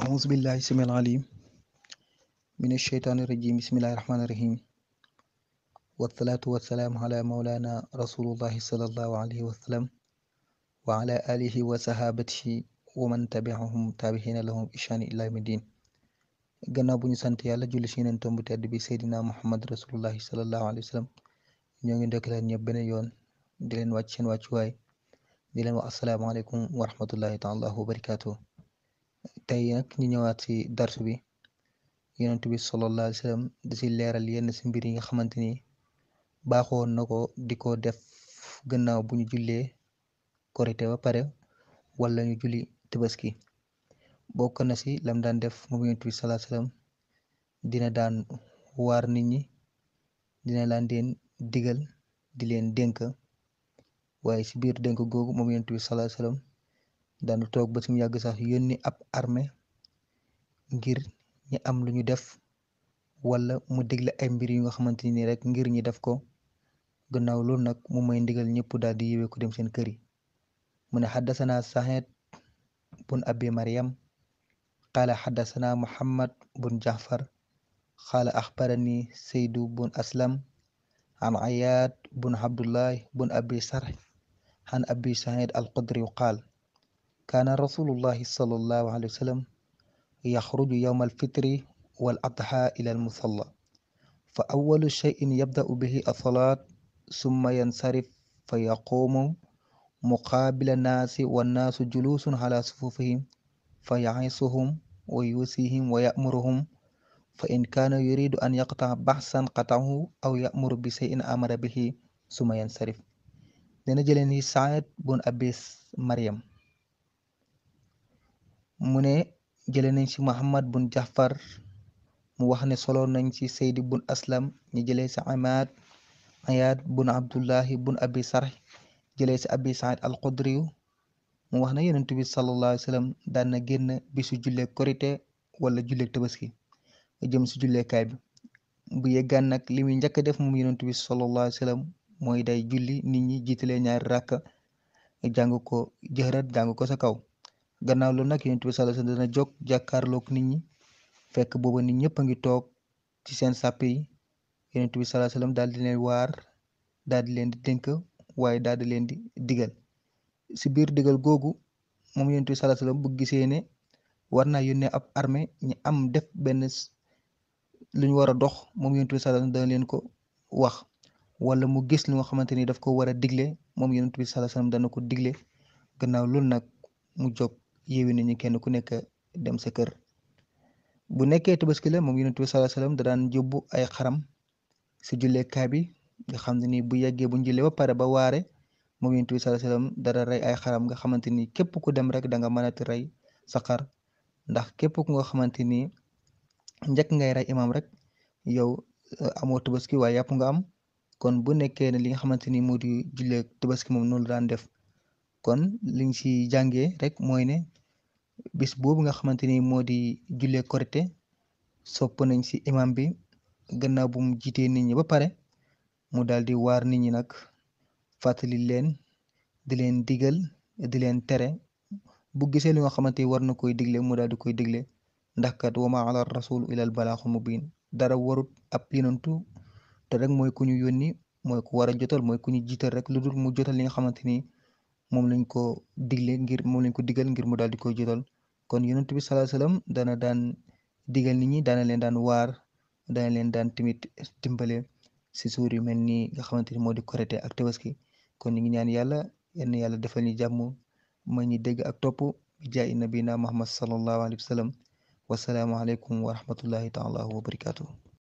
أعوذ بالله السميع العليم من الشيطان الرجيم بسم الله الرحمن الرحيم والصلاة والسلام على مولانا رسول الله صلى الله عليه وسلم وعلى آله وصحابته ومن تبعهم تابعين لهم بإحسان إلى يوم الدين gannaaw bu ñu sant yàlla julli si neen tomb tedd bi seydina muhammad rasulullahi salallahu alayhi wa sallam ñoo ngi ndekk leen ñëpp benn yoon di leen wàcc seen wàccuwaay di leen wax asalaamaaleykum wa rahmatullahi taala wa barakaatuh tey nag ñu ñëwaat si darsu bi yonent bi sallallahu alayhi wa sallam di ci leeral yenn si mbir yi nga xamante ni baaxoon na ko di ko def gannaaw bu ñu jullee korite ba pare wala ñu julli tabaski bokk na ci lam daan def moom yonent bi sallallahu dina daan waar nit ñi dina laan deen digal di leen dénk waaye ci biir dénk googu moom yonent bi sallallahu alayhi daan toog ba suñu yàgg sax yónni ab armée ngir ñi am lu ñu def wala mu digle ay mbir yu nga xamante ni rek ngir ñi def ko gannaaw loolu nag mu may ndigal ñëpp daal di yéwee ko dem seen kër yi mu ne xaddasana saxeet bun abi mariam qaala xaddasana muhammad bun jaxfar qaala axbarani saydu bun aslam an ayad bun abdullah bun abi sarx an abi saxeet alqudri qaal kaana rasulullahi sallallahu alayhi wa sallam yaxruju yowma alfitri wal adha ila almusalla fa awalu cheyin yabda'u bihi alsalaat summa yansarif fa yaquumu muqaabila naasi wannaasu juluusun ala sufufihim fa yaisuhum wa yuusihim wa yamuruhum fa in kaana yuridu an yaqtaa baxsan qatahu aw yamuru bi cheyin amara bihi summa yansarif dana jëleen yi saad bun abis mariam mu ne jële nañ ci muhammad bun jafar mu wax ne solo nañ ci saydi bun aslam ñu jëlee ci amaad ayaad bun abdullahi bun abi sarh jëlee si abi said al xudri mu wax ne yonent bi sallallahu alayhi wa sallam daan na génn bisu julle korite wala julle tabaski jëm si jullekaay bi bu yeggaan nag li muy njëkk def moom yonent bi sallallahu alayhi wa mooy day julli nit ñi jiitalee ñaari rakk jàng ko jëxërat jàng ko sa kaw gannaaw lool nag yonent bi sallallahu dana jog jàkkaarlook nit ñi fekk booba nit ñëpp a ngi toog ci seen sàpp yi yonent bi sallallahu alayhi wasallam daal di leen waar daal di leen di dénk waaye daal di leen di diggal si biir digal googu moom yonent bi sallallahu bu gisee ne war naa yónnee ab armée ñi am def benn lu war a dox moom yonent bi sallallahu dana leen ko wax wala mu gis lu nga xamante ni daf ko war a digle moom yonent bi sallallahu dana ko digle gannaaw loolu nag mu jog yéwi nañu kenn ku nekk dem sa kër bu nekkee tabaski la moom yonent bi sallallahu alayhi wasallam da daan yóbbu ay xaram si julleekaay bi nga xam ne ni bu yeggee bu njullee ba pare ba waare moom yonent bi sallallahu alayhi dara rey ay xaram nga xamante ni képp ku dem rek danga nga mënati rey sa ndax képp ku nga xamante ni njëkk ngay rey imaam rek yow eh, amoo tabaski waaye yàpp nga am kon bu nekkee ne li nga xamante ni moo di jullee tabaski moom noonu daan def kon liñ ci jàngee rek mooy ne bis boobu nga xamante ni moo di jullee korite sopp nañ si imam bi gannaaw bu mu jiitee nit ñi ba pare mu daal waar nit ñi nag fàttali leen di leen digal di leen tere bu gisee li nga xamante ni war na koy digle mu daal di koy digle ndax kat wa ma ala rasul ilal balaaxu mubiin dara warut ab te rek mooy ku ñu yonni mooy ku war a jotal mooy ku ñu jiital rek lu dul mu jotal li nga xamante ni moom lañ ko digle ngir moom lañ ko digal ngir mu daal di koy jotal kon yonent bi salaa salaam dana daan digal nit ñi daana leen daan waar daana leen daan tamit dimbale si suur yu mel nii nga xamante ni moo di korite ak tabaski kon ñu ngi ñaan yàlla yenn yàlla defal ni jàmm ma ñu dégg ak topp bi jaay nabina muhammad sallallahu alayhi wa sallam wasalaamualeykum wa rahmatullahi taala wa barakaatuhu